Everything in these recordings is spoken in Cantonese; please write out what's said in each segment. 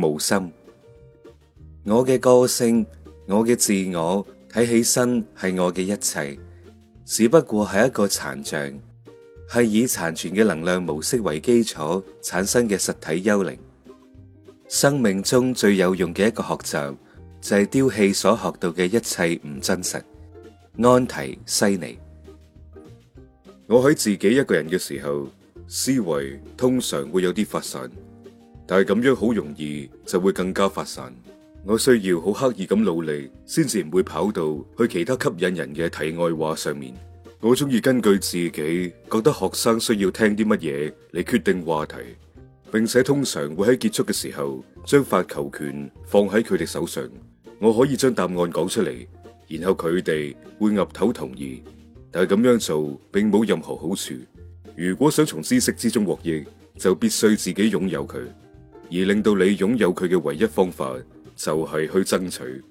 無心，我嘅歌聲，我嘅自我，睇起身係我嘅一切，只不過係一個殘像，係以殘存嘅能量模式為基礎產生嘅實體幽靈。生命中最有用嘅一個學習，就係、是、丟棄所學到嘅一切唔真實。安提西尼，我喺自己一個人嘅時候，思維通常會有啲發散。但係咁樣好容易就會更加發散。我需要好刻意咁努力，先至唔會跑到去其他吸引人嘅題外話上面。我中意根據自己覺得學生需要聽啲乜嘢嚟決定話題，並且通常會喺結束嘅時候將發球權放喺佢哋手上。我可以將答案講出嚟，然後佢哋會岌頭同意。但係咁樣做並冇任何好處。如果想從知識之中獲益，就必須自己擁有佢。而令到你擁有佢嘅唯一方法，就係、是、去爭取。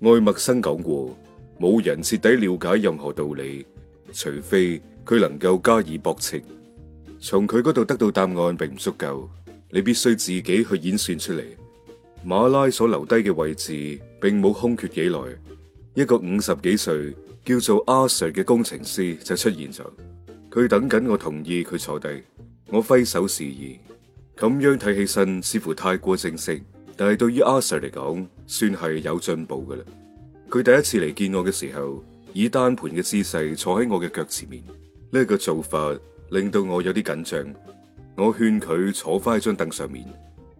愛默生講過，冇人徹底了解任何道理，除非佢能夠加以駁斥。從佢嗰度得到答案並唔足夠，你必須自己去演算出嚟。馬拉所留低嘅位置並冇空缺幾耐，一個五十幾歲叫做阿 Sir 嘅工程師就出現咗。佢等緊我同意佢坐低，我揮手示意。咁樣睇起身，似乎太過正式，但係對於阿 Sir 嚟講，算係有進步㗎喇。佢第一次嚟見我嘅時候，以單盤嘅姿勢坐喺我嘅腳前面，呢、這個做法令到我有啲緊張。我勸佢坐翻喺張凳上面，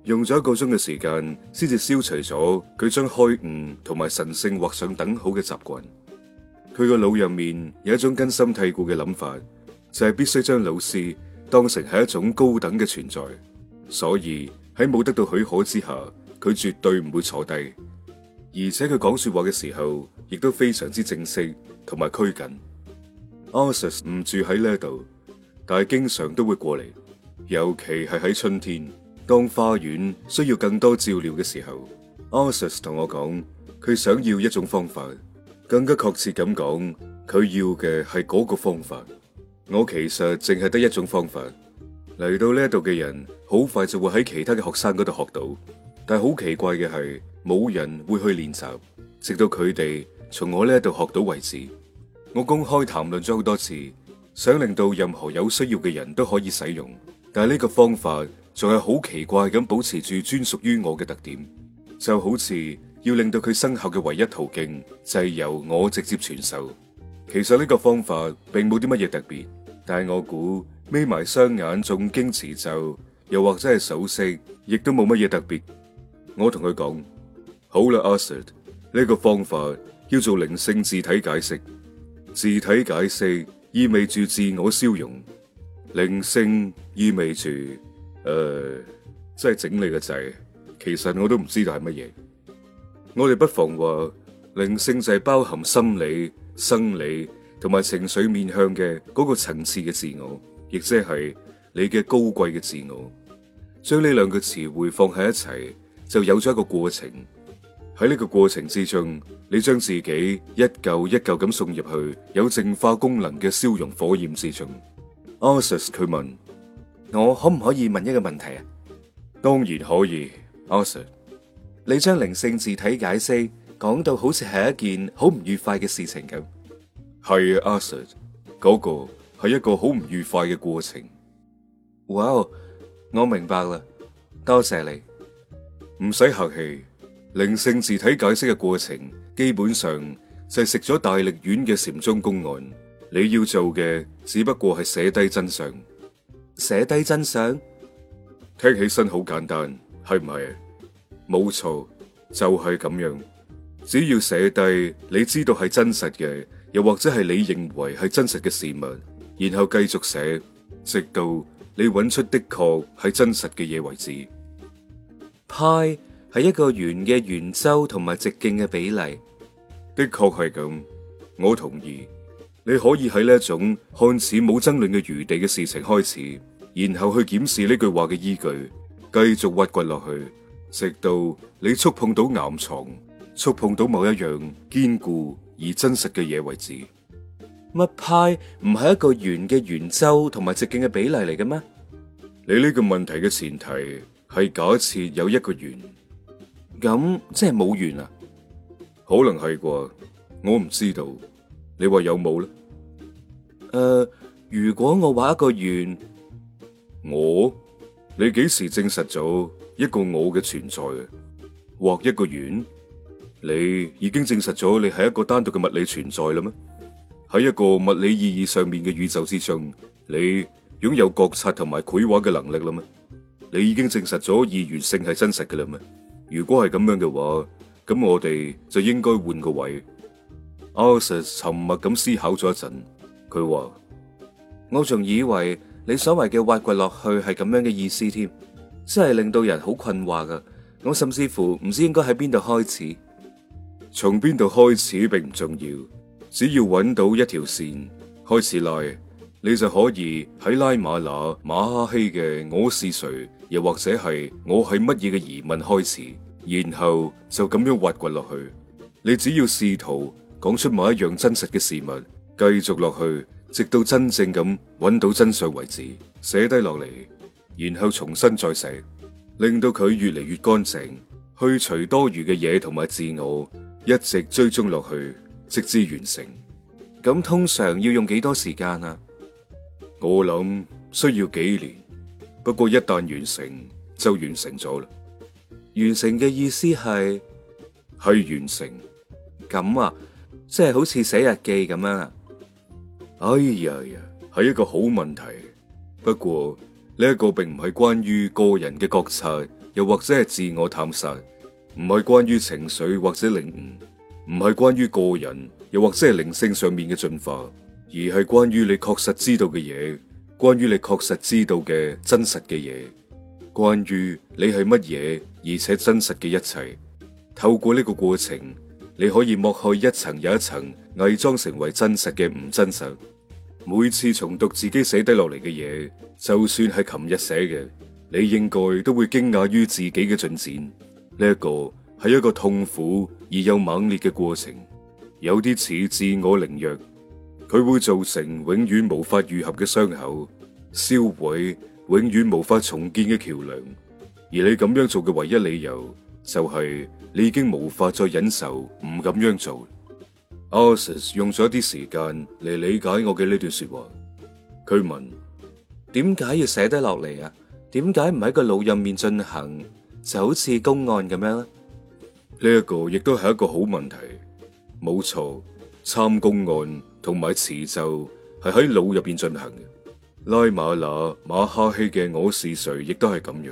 用咗一個鐘嘅時間，先至消除咗佢將開悟同埋神聖畫上等號嘅習慣。佢個腦入面有一種根深蒂固嘅諗法，就係、是、必須將老師當成係一種高等嘅存在。所以喺冇得到許可之下，佢絕對唔會坐低。而且佢講說話嘅時候，亦都非常之正式同埋拘謹。阿 Sir 唔住喺呢度，但係經常都會過嚟。尤其係喺春天，當花園需要更多照料嘅時候，阿 Sir 同我講，佢想要一種方法，更加確切咁講，佢要嘅係嗰個方法。我其實淨係得一種方法。嚟到呢度嘅人，好快就會喺其他嘅學生嗰度學到，但係好奇怪嘅係，冇人會去練習，直到佢哋從我呢度學到為止。我公開談論咗好多次，想令到任何有需要嘅人都可以使用，但係呢個方法仲係好奇怪咁保持住專屬於我嘅特點，就好似要令到佢生效嘅唯一途徑就係由我直接傳授。其實呢個方法並冇啲乜嘢特別，但係我估。眯埋雙眼誦經持咒，又或者係手勢，亦都冇乜嘢特別。我同佢講，好啦，阿 Sir 呢個方法叫做靈性字體解釋。字體解釋意味住自我消融，靈性意味住誒，即、呃、係整你個仔。其實我都唔知道係乜嘢。我哋不妨話靈性就係包含心理、生理同埋情緒面向嘅嗰個層次嘅自我。亦即係你嘅高貴嘅自我，將呢兩個詞彙放喺一齊，就有咗一個過程。喺呢個過程之中，你將自己一舊一舊咁送入去有淨化功能嘅消融火焰之中。阿瑟佢問我可唔可以問一個問題啊？當然可以，阿瑟。你將靈性字體解釋講到好似係一件好唔愉快嘅事情咁。係阿瑟嗰個。係一個好唔愉快嘅過程。哇，wow，我明白啦，多謝你，唔使客氣。靈性自體解釋嘅過程，基本上就係食咗大力丸嘅禪宗公案。你要做嘅只不過係寫低真相。寫低真相？聽起身好簡單，係唔係？冇錯，就係、是、咁樣。只要寫低你知道係真實嘅，又或者係你認為係真實嘅事物。然後繼續寫，直到你揾出的確係真實嘅嘢為止。派係一個圓嘅圓周同埋直徑嘅比例，的確係咁，我同意。你可以喺呢一種看似冇爭論嘅餘地嘅事情開始，然後去檢視呢句話嘅依據，繼續挖掘落去，直到你觸碰到岩床，觸碰到某一樣堅固而真實嘅嘢為止。乜派唔係一個圓嘅圓周同埋直徑嘅比例嚟嘅咩？你呢個問題嘅前提係假設有一個圓，咁即係冇圓啊？可能係啩？我唔知道。你話有冇咧？誒、呃，如果我畫一個圓，我你幾時證實咗一個我嘅存在啊？畫一個圓，你已經證實咗你係一個單獨嘅物理存在啦咩？喺一個物理意義上面嘅宇宙之中，你擁有覺察同埋繪畫嘅能力啦咩？你已經證實咗二元性係真實嘅啦咩？如果係咁樣嘅話，咁我哋就應該換個位。阿瑟沉默咁思考咗一陣，佢話：我仲以為你所謂嘅挖掘落去係咁樣嘅意思添，真係令到人好困惑噶。我甚至乎唔知應該喺邊度開始，從邊度開始並唔重要。只要揾到一條線開始拉，你就可以喺拉馬那馬哈希嘅我是誰，又或者係我係乜嘢嘅疑問開始，然後就咁樣挖掘落去。你只要試圖講出某一樣真實嘅事物，繼續落去，直到真正咁揾到真相為止，寫低落嚟，然後重新再寫，令到佢越嚟越乾淨，去除多餘嘅嘢同埋自我，一直追蹤落去。直至完成，咁通常要用幾多時間啊？我諗需要幾年，不過一旦完成就完成咗啦。完成嘅意思係係完成，咁啊，即係好似寫日記咁啊。哎呀呀，係一個好問題，不過呢一個並唔係關於個人嘅覺察，又或者係自我探索，唔係關於情緒或者領悟。唔係關於個人，又或者係靈性上面嘅進化，而係關於你確實知道嘅嘢，關於你確實知道嘅真實嘅嘢，關於你係乜嘢，而且真實嘅一切。透過呢個過程，你可以剝開一層又一層，偽裝成為真實嘅唔真實。每次重讀自己寫低落嚟嘅嘢，就算係琴日寫嘅，你應該都會驚訝於自己嘅進展。呢、這、一個。係一個痛苦而又猛烈嘅過程，有啲似自我凌虐。佢會造成永遠無法愈合嘅傷口，銷毀永遠無法重建嘅橋梁。而你咁樣做嘅唯一理由，就係你已經無法再忍受唔咁樣做。奧斯、啊、用咗一啲時間嚟理解我嘅呢段說話。佢問：點解要寫低落嚟啊？點解唔喺個腦入面進行，就好似公案咁樣咧？呢一個亦都係一個好問題，冇錯。參公案同埋詞咒係喺腦入邊進行嘅。拉馬那、馬哈希嘅《我是誰》亦都係咁樣，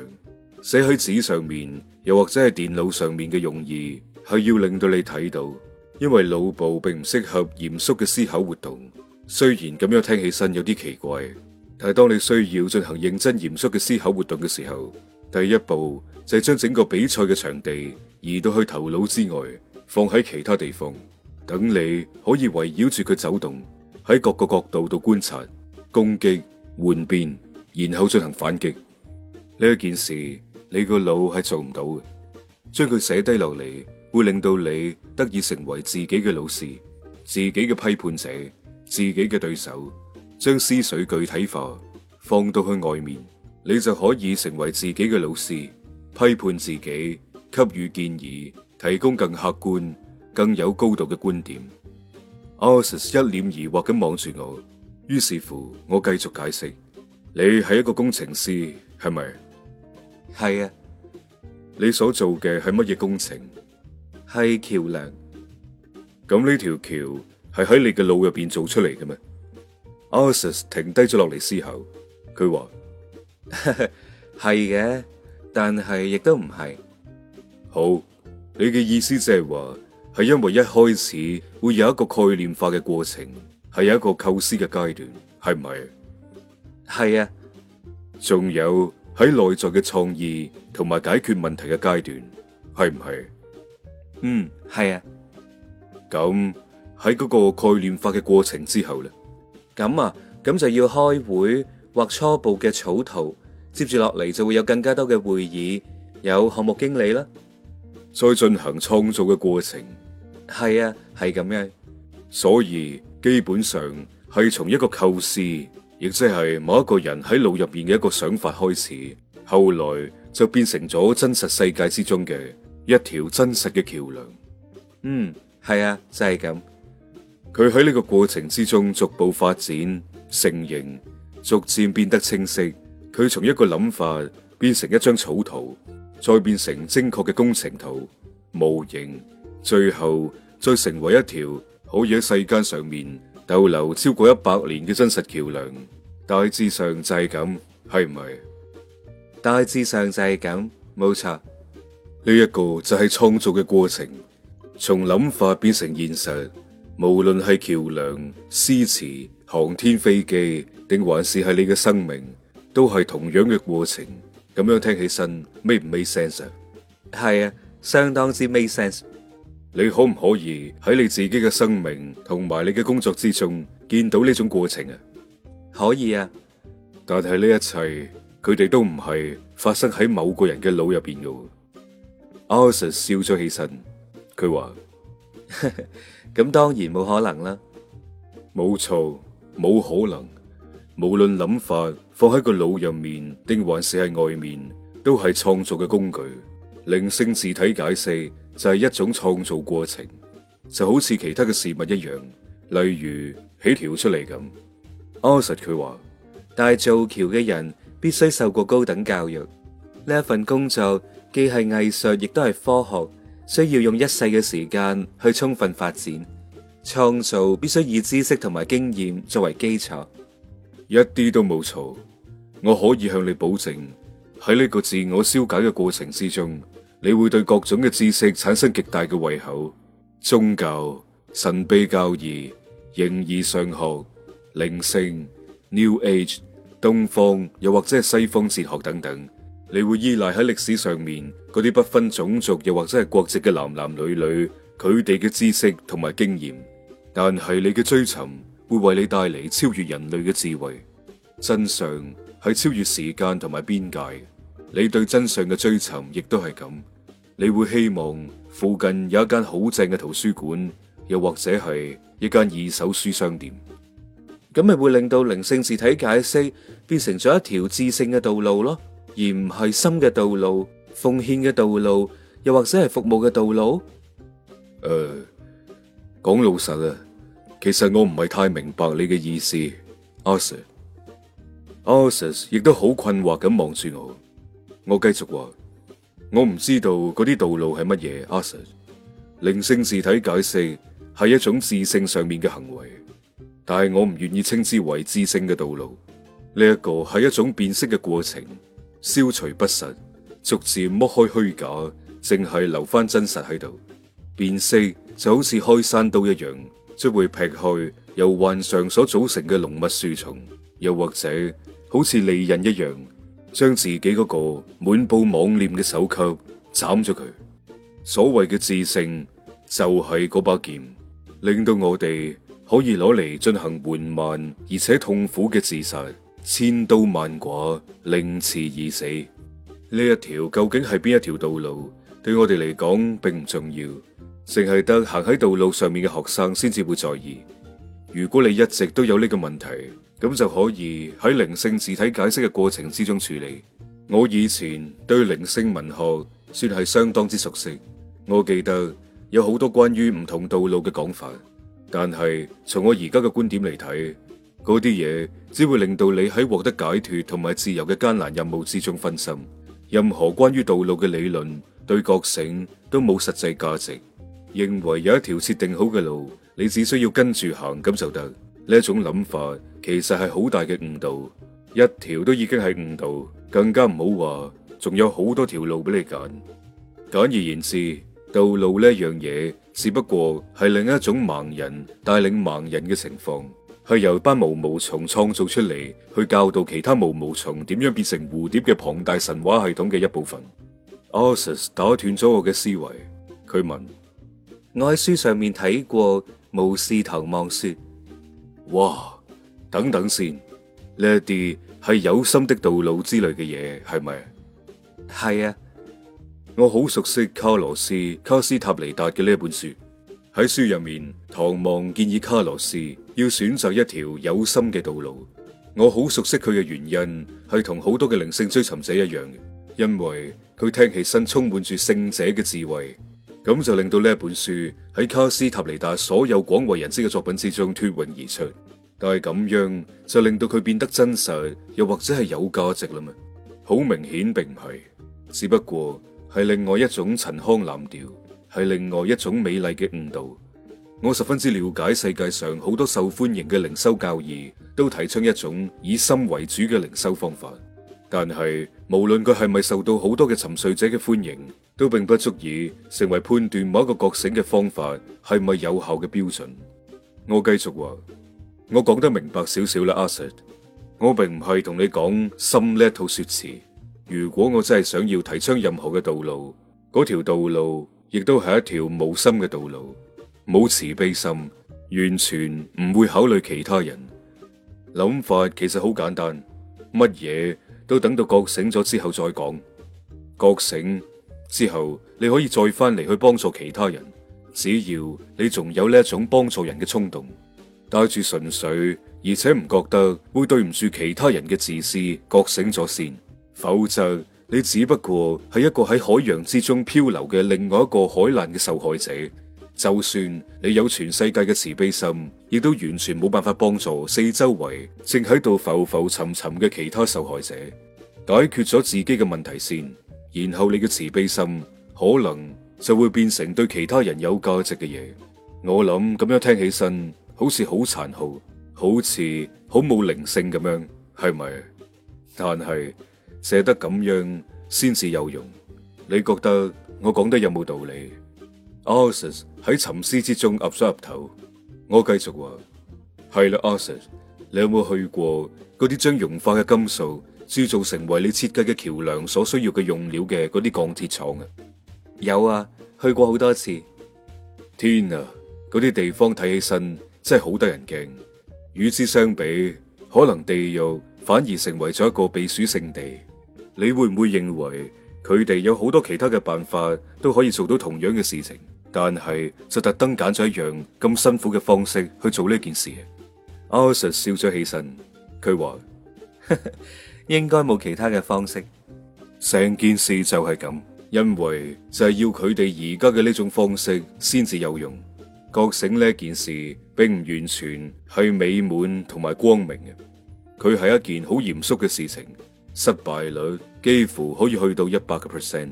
寫喺紙上面，又或者係電腦上面嘅用意係要令到你睇到，因為腦部並唔適合嚴肅嘅思考活動。雖然咁樣聽起身有啲奇怪，但係當你需要進行認真嚴肅嘅思考活動嘅時候，第一步就係將整個比賽嘅場地。移到去頭腦之外，放喺其他地方，等你可以圍繞住佢走動，喺各個角度度觀察、攻擊、換變，然後進行反擊。呢件事，你個腦係做唔到嘅。將佢寫低落嚟，會令到你得以成為自己嘅老師、自己嘅批判者、自己嘅對手。將思緒具體化，放到去外面，你就可以成為自己嘅老師，批判自己。給予建議，提供更客觀、更有高度嘅觀點。阿 sir 一臉疑惑咁望住我，於是乎我繼續解釋：你係一個工程師係咪？係啊。你所做嘅係乜嘢工程？係橋樑。咁呢條橋係喺你嘅腦入邊做出嚟嘅咩？阿 sir 停低咗落嚟思考，佢話係嘅，但係亦都唔係。好，你嘅意思即係話係因為一開始會有一個概念化嘅過程，係有一個構思嘅階段，係唔係？係啊，仲有喺內在嘅創意同埋解決問題嘅階段，係唔係？嗯，係啊。咁喺嗰個概念化嘅過程之後咧，咁啊，咁就要開會畫初步嘅草圖，接住落嚟就會有更加多嘅會議，有項目經理啦。再進行創造嘅過程，係啊，係咁嘅。所以基本上係從一個構思，亦即係某一個人喺腦入面嘅一個想法開始，後來就變成咗真實世界之中嘅一條真實嘅橋樑。嗯，係啊，就係咁。佢喺呢個過程之中逐步發展、成形，逐漸變得清晰。佢從一個諗法變成一張草圖。再變成精確嘅工程圖模型，最後再成為一條可以喺世間上面逗留超過一百年嘅真實橋樑，大致上就係咁，係唔係？大致上就係咁，冇錯。呢一個就係創造嘅過程，從諗法變成現實，無論係橋樑、詩詞、航天飛機，定還是係你嘅生命，都係同樣嘅過程。咁樣聽起身，make 唔 make sense？係啊，相當之 make sense。你可唔可以喺你自己嘅生命同埋你嘅工作之中見到呢種過程啊？可以啊。但係呢一切，佢哋都唔係發生喺某個人嘅腦入邊噶。阿 Sir 笑咗起身，佢話：咁當然冇可能啦，冇錯，冇可能。無論諗法放喺個腦入面，定還是喺外面，都係創造嘅工具。靈性字體解釋就係一種創造過程，就好似其他嘅事物一樣，例如起橋出嚟咁。阿瑟佢話，大造橋嘅人必須受過高等教育。呢一份工作既係藝術，亦都係科學，需要用一世嘅時間去充分發展。創造必須以知識同埋經驗作為基礎。一啲都冇錯，我可以向你保證，喺呢個自我消解嘅過程之中，你會對各種嘅知識產生極大嘅胃口，宗教、神秘教義、形而上學、靈性、New Age、東方又或者係西方哲學等等，你會依賴喺歷史上面嗰啲不分種族又或者係國籍嘅男男女女佢哋嘅知識同埋經驗，但係你嘅追尋。會為你帶嚟超越人類嘅智慧，真相係超越時間同埋邊界。你對真相嘅追尋亦都係咁。你會希望附近有一間好正嘅圖書館，又或者係一間二手書商店。咁咪會令到靈性字體解釋變成咗一條智性嘅道路咯，而唔係心嘅道路、奉獻嘅道路，又或者係服務嘅道路。誒、呃，講老實啊！其實我唔係太明白你嘅意思，阿 Sir，阿 Sir 亦都好困惑咁望住我。我繼續話，我唔知道嗰啲道路係乜嘢，阿 Sir，靈性字體解釋係一種智性上面嘅行為，但係我唔願意稱之為知性嘅道路。呢、這、一個係一種辨識嘅過程，消除不實，逐漸剝開虛假，淨係留翻真實喺度。辨識就好似開山刀一樣。將會劈去由幻想所組成嘅濃密樹叢，又或者好似利刃一樣，將自己嗰個滿布妄念嘅首級斬咗佢。所謂嘅自性就係、是、嗰把劍，令到我哋可以攞嚟進行緩慢而且痛苦嘅自殺，千刀萬剮，凌遲而死。呢一條究竟係邊一條道路，對我哋嚟講並唔重要。淨係得行喺道路上面嘅學生先至會在意。如果你一直都有呢個問題，咁就可以喺靈性字體解釋嘅過程之中處理。我以前對靈性文學算係相當之熟悉，我記得有好多關於唔同道路嘅講法。但係從我而家嘅觀點嚟睇，嗰啲嘢只會令到你喺獲得解脫同埋自由嘅艱難任務之中分心。任何關於道路嘅理論對覺醒都冇實際價值。認為有一條設定好嘅路，你只需要跟住行咁就得呢種諗法，其實係好大嘅誤導，一條都已經係誤導，更加唔好話仲有好多條路俾你揀。簡而言之，道路呢樣嘢只不過係另一種盲人帶領盲人嘅情況，係由班毛毛蟲創造出嚟，去教導其他毛毛蟲點樣變成蝴蝶嘅龐大神話系統嘅一部分。阿瑟打斷咗我嘅思維，佢問。我喺書上面睇過，巫士唐望說：哇，等等先，呢一啲係有心的道路之類嘅嘢，係咪？係啊，我好熟悉卡羅斯·卡斯塔尼達嘅呢一本書。喺書入面，唐望建議卡羅斯要選擇一條有心嘅道路。我好熟悉佢嘅原因，係同好多嘅靈性追尋者一樣嘅，因為佢聽起身充滿住聖者嘅智慧。咁就令到呢本書喺卡斯塔尼達所有廣為人知嘅作品之中脫穎而出，但係咁樣就令到佢變得真實，又或者係有價值啦嘛？好明顯並唔係，只不過係另外一種陳腔濫調，係另外一種美麗嘅誤導。我十分之了解世界上好多受歡迎嘅靈修教義，都提倡一種以心為主嘅靈修方法，但係無論佢係咪受到好多嘅沉睡者嘅歡迎，都並不足以成為判斷某一個覺醒嘅方法係咪有效嘅標準。我繼續話，我講得明白少少啦。阿瑟，我並唔係同你講心叻」套說辭。如果我真係想要提倡任何嘅道路，嗰條道路亦都係一條無心嘅道路，冇慈悲心，完全唔會考慮其他人。諗法其實好簡單，乜嘢都等到覺醒咗之後再講覺醒。之後你可以再翻嚟去幫助其他人，只要你仲有呢一種幫助人嘅衝動，帶住純粹而且唔覺得會對唔住其他人嘅自私，覺醒咗先，否則你只不過係一個喺海洋之中漂流嘅另外一個海難嘅受害者。就算你有全世界嘅慈悲心，亦都完全冇辦法幫助四周圍正喺度浮浮沉沉嘅其他受害者，解決咗自己嘅問題先。然後你嘅慈悲心可能就會變成對其他人有價值嘅嘢。我諗咁樣聽起身，好似好殘酷，好似好冇靈性咁樣，係咪？但係捨得咁樣先至有用。你覺得我講得有冇道理？a sir 喺沉思之中岌咗岌頭。我繼續話：係啦，a sir，你有冇去過嗰啲將融化嘅金屬？製造成為你設計嘅橋樑所需要嘅用料嘅嗰啲鋼鐵廠啊，有啊，去過好多次。天啊，嗰啲地方睇起身真係好得人驚。與之相比，可能地獄反而成為咗一個避暑勝地。你會唔會認為佢哋有好多其他嘅辦法都可以做到同樣嘅事情？但係就特登揀咗一樣咁辛苦嘅方式去做呢件事。阿、啊、Sir 笑咗起身，佢話。應該冇其他嘅方式，成件事就係咁，因為就係要佢哋而家嘅呢種方式先至有用。覺醒呢件事並唔完全係美滿同埋光明嘅，佢係一件好嚴肅嘅事情，失敗率幾乎可以去到一百個 percent。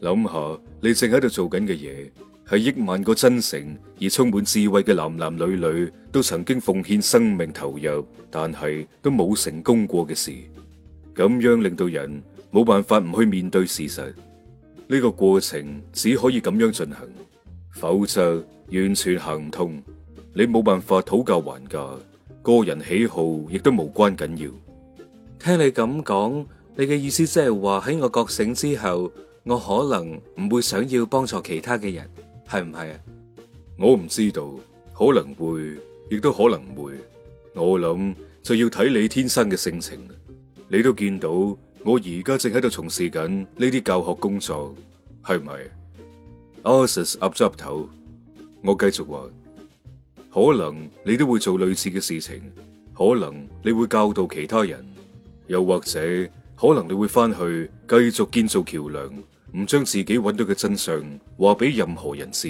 諗下你正喺度做緊嘅嘢，係億萬個真誠而充滿智慧嘅男男女女都曾經奉獻生命投入，但係都冇成功過嘅事。咁樣令到人冇辦法唔去面對事實，呢個過程只可以咁樣進行，否則完全行唔通。你冇辦法討價還價，個人喜好亦都無關緊要。聽你咁講，你嘅意思即係話喺我覺醒之後，我可能唔會想要幫助其他嘅人，係唔係啊？我唔知道，可能會，亦都可能唔會。我諗就要睇你天生嘅性情。你都見到我而家正喺度從事緊呢啲教學工作，係咪？Aussis 岌咗岌頭，我繼續話：可能你都會做類似嘅事情，可能你會教導其他人，又或者可能你會翻去繼續建造橋梁，唔將自己揾到嘅真相話俾任何人知。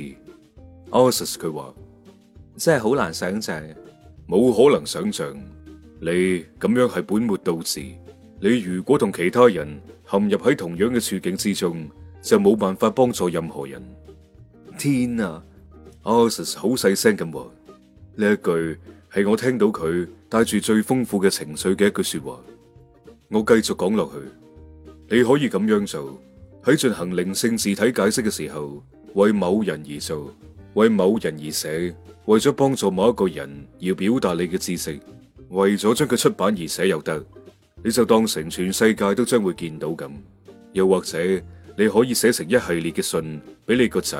Aussis 佢話：真係好難想象，冇可能想象你咁樣係本末倒置。你如果同其他人陷入喺同樣嘅處境之中，就冇辦法幫助任何人。天啊哪！阿 sir 好細聲咁話，呢一句係我聽到佢帶住最豐富嘅情緒嘅一句說話。我繼續講落去，你可以咁樣做，喺進行靈性字體解釋嘅時候，為某人而做，為某人而寫，為咗幫助某一個人要表達你嘅知識，為咗將佢出版而寫又得。你就當成全世界都將會見到咁，又或者你可以寫成一系列嘅信俾你個仔，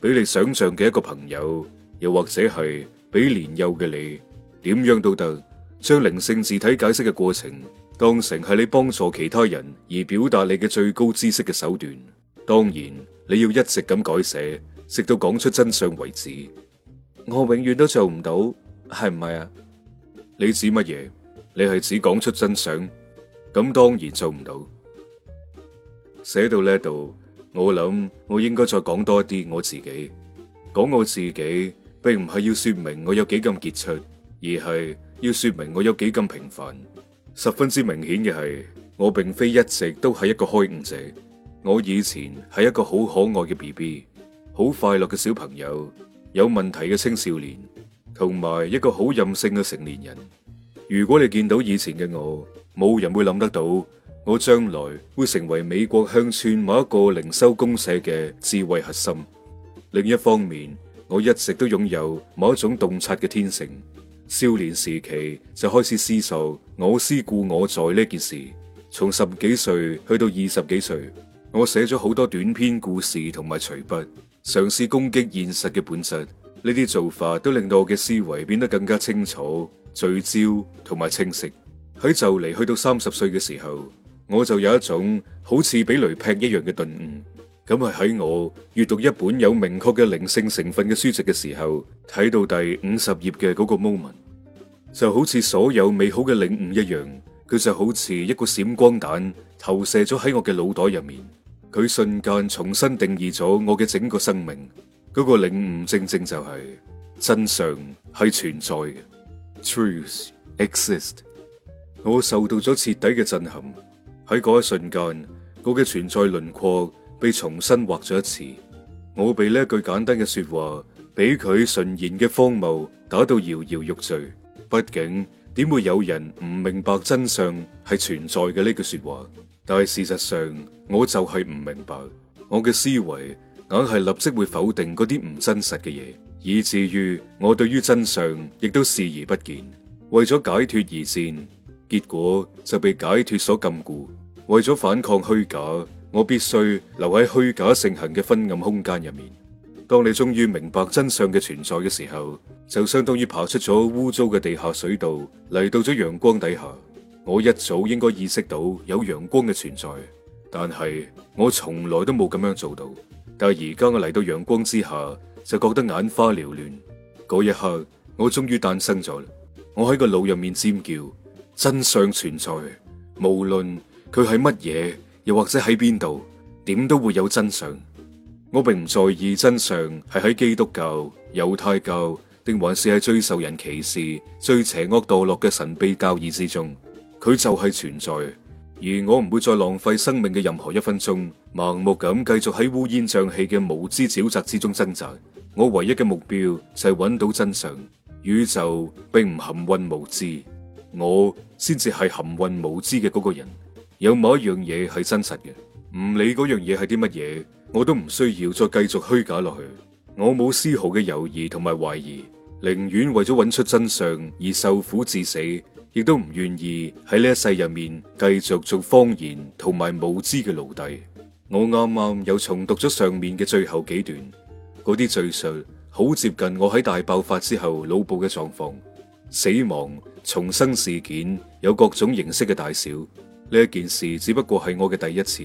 俾你想象嘅一個朋友，又或者係俾年幼嘅你，點樣都得。將靈性字體解釋嘅過程當成係你幫助其他人而表達你嘅最高知識嘅手段。當然你要一直咁改寫，直到講出真相為止。我永遠都做唔到，係唔係啊？你指乜嘢？你係只講出真相，咁當然做唔到。寫到呢度，我諗我應該再講多啲我自己。講我自己，並唔係要說明我有幾咁傑出，而係要說明我有幾咁平凡。十分之明顯嘅係，我並非一直都係一個開悟者。我以前係一個好可愛嘅 BB，好快樂嘅小朋友，有問題嘅青少年，同埋一個好任性嘅成年人。如果你見到以前嘅我，冇人會諗得到，我將來會成為美國鄉村某一個靈修公社嘅智慧核心。另一方面，我一直都擁有某一種洞察嘅天性，少年時期就開始思索“我思故我在”呢件事。從十幾歲去到二十幾歲，我寫咗好多短篇故事同埋隨筆，嘗試攻擊現實嘅本質。呢啲做法都令到我嘅思維變得更加清楚。聚焦同埋清晰，喺就嚟去到三十歲嘅時候，我就有一種好似俾雷劈一樣嘅頓悟。咁係喺我閱讀一本有明確嘅靈性成分嘅書籍嘅時候，睇到第五十頁嘅嗰個 moment，就好似所有美好嘅領悟一樣，佢就好似一個閃光彈投射咗喺我嘅腦袋入面，佢瞬間重新定義咗我嘅整個生命。嗰個領悟正正就係真相，係存在嘅。Truth exist 我受到咗徹底嘅震撼，喺嗰一瞬間，我嘅存在輪廓被重新畫咗一次。我被呢句簡單嘅說話，俾佢純然嘅荒謬打到搖搖欲墜。畢竟，點會有人唔明白真相係存在嘅呢句說話？但係事實上，我就係唔明白。我嘅思維硬係立即會否定嗰啲唔真實嘅嘢。以至於我對於真相亦都視而不見，為咗解脱而戰，結果就被解脱所禁錮。為咗反抗虛假，我必須留喺虛假盛行嘅昏暗空間入面。當你終於明白真相嘅存在嘅時候，就相當於爬出咗污糟嘅地下水道嚟到咗陽光底下。我一早應該意識到有陽光嘅存在，但係我從來都冇咁樣做到。但係而家我嚟到陽光之下。就覺得眼花繚亂。嗰一刻，我終於誕生咗。我喺個腦入面尖叫，真相存在，無論佢係乜嘢，又或者喺邊度，點都會有真相。我並唔在意真相係喺基督教、猶太教，定還是喺最受人歧視、最邪惡墮落嘅神秘教義之中，佢就係存在。而我唔會再浪費生命嘅任何一分鐘，盲目咁繼續喺烏煙瘴氣嘅無知沼澤之中掙扎。我唯一嘅目標就係揾到真相。宇宙並唔含混無知，我先至係含混無知嘅嗰個人。有某一樣嘢係真實嘅，唔理嗰樣嘢係啲乜嘢，我都唔需要再繼續虛假落去。我冇絲毫嘅猶豫同埋懷疑，寧願為咗揾出真相而受苦至死。亦都唔願意喺呢一世入面繼續做謊言同埋無知嘅奴隸。我啱啱又重讀咗上面嘅最後幾段，嗰啲敘述好接近我喺大爆發之後腦部嘅狀況、死亡、重生事件有各種形式嘅大小。呢一件事只不過係我嘅第一次，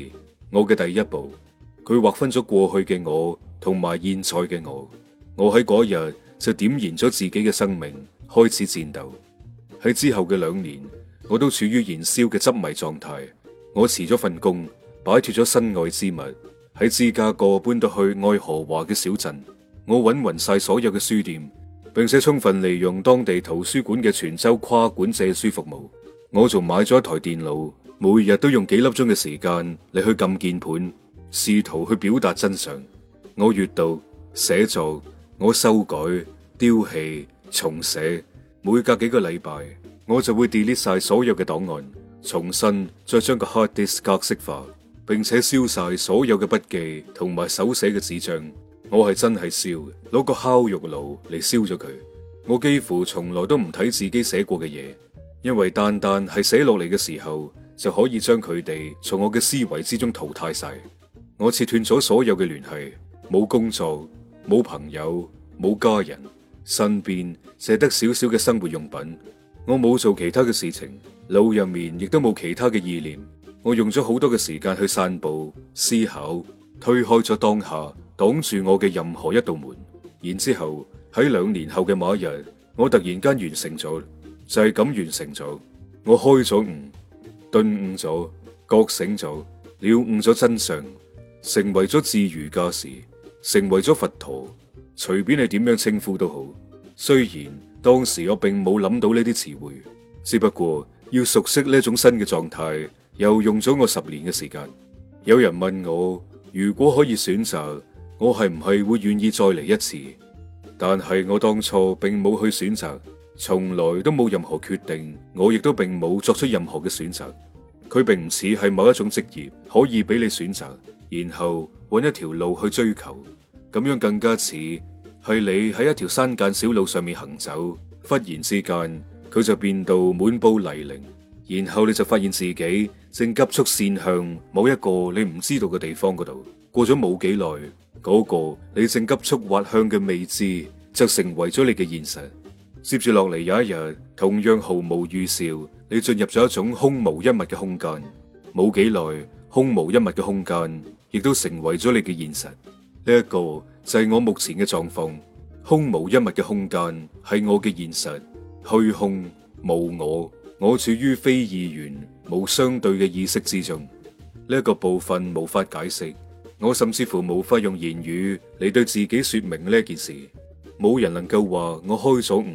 我嘅第一步。佢劃分咗過去嘅我同埋現在嘅我。我喺嗰日就點燃咗自己嘅生命，開始戰鬥。喺之後嘅兩年，我都處於燃燒嘅執迷狀態。我辭咗份工，擺脫咗身外之物。喺芝加哥搬到去愛荷華嘅小鎮，我搵勻晒所有嘅書店，並且充分利用當地圖書館嘅全州跨館借書服務。我仲買咗一台電腦，每日都用幾粒鐘嘅時間嚟去撳鍵盤，試圖去表達真相。我閱讀、寫作，我修改、丟棄、重寫。每隔幾個禮拜，我就會 delete 晒所有嘅檔案，重新再將個 hard disk 格式化，並且燒晒所有嘅筆記同埋手寫嘅紙張。我係真係燒，攞個烤肉爐嚟燒咗佢。我幾乎從來都唔睇自己寫過嘅嘢，因為單單係寫落嚟嘅時候，就可以將佢哋從我嘅思維之中淘汰晒。我切斷咗所有嘅聯繫，冇工作，冇朋友，冇家人。身邊捨得少少嘅生活用品，我冇做其他嘅事情，腦入面亦都冇其他嘅意念，我用咗好多嘅時間去散步、思考，推開咗當下，擋住我嘅任何一道門，然之後喺兩年後嘅某一日，我突然間完成咗，就係咁完成咗，我開咗悟，頓悟咗，覺醒咗，了悟咗真相，成為咗自瑜伽士，成為咗佛陀。隨便你點樣稱呼都好，雖然當時我並冇諗到呢啲詞彙，只不過要熟悉呢種新嘅狀態，又用咗我十年嘅時間。有人問我，如果可以選擇，我係唔係會願意再嚟一次？但係我當初並冇去選擇，從來都冇任何決定，我亦都並冇作出任何嘅選擇。佢並唔似係某一種職業可以俾你選擇，然後揾一條路去追求。咁樣更加似係你喺一條山間小路上面行走，忽然之間，佢就變到滿布泥濘，然後你就發現自己正急速綫向，向某一個你唔知道嘅地方嗰度。過咗冇幾耐，嗰、那個你正急速滑向嘅未知就成為咗你嘅現實。接住落嚟有一日，同樣毫無預兆，你進入咗一種空無一物嘅空間，冇幾耐空無一物嘅空間亦都成為咗你嘅現實。呢一個就係我目前嘅狀況，空無一物嘅空間係我嘅現實，虛空無我，我處於非二元、冇相對嘅意識之中。呢、這、一個部分無法解釋，我甚至乎無法用言語嚟對自己說明呢件事。冇人能夠話我開咗悟，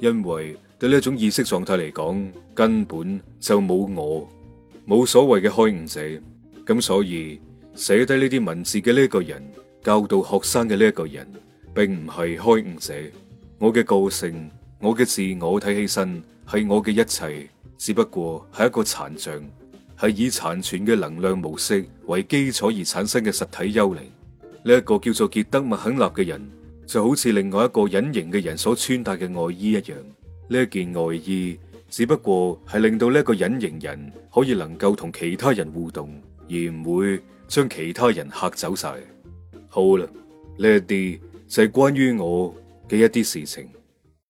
因為對呢一種意識狀態嚟講，根本就冇我，冇所謂嘅開悟者。咁所以寫低呢啲文字嘅呢個人。教導學生嘅呢一個人，並唔係開悟者。我嘅個性，我嘅自我，睇起身係我嘅一切，只不過係一個殘像，係以殘存嘅能量模式為基礎而產生嘅實體幽靈。呢一個叫做傑德麥肯納嘅人，就好似另外一個隱形嘅人所穿戴嘅外衣一樣。呢一件外衣，只不過係令到呢一個隱形人可以能夠同其他人互動，而唔會將其他人嚇走晒。好啦，呢一啲就係關於我嘅一啲事情。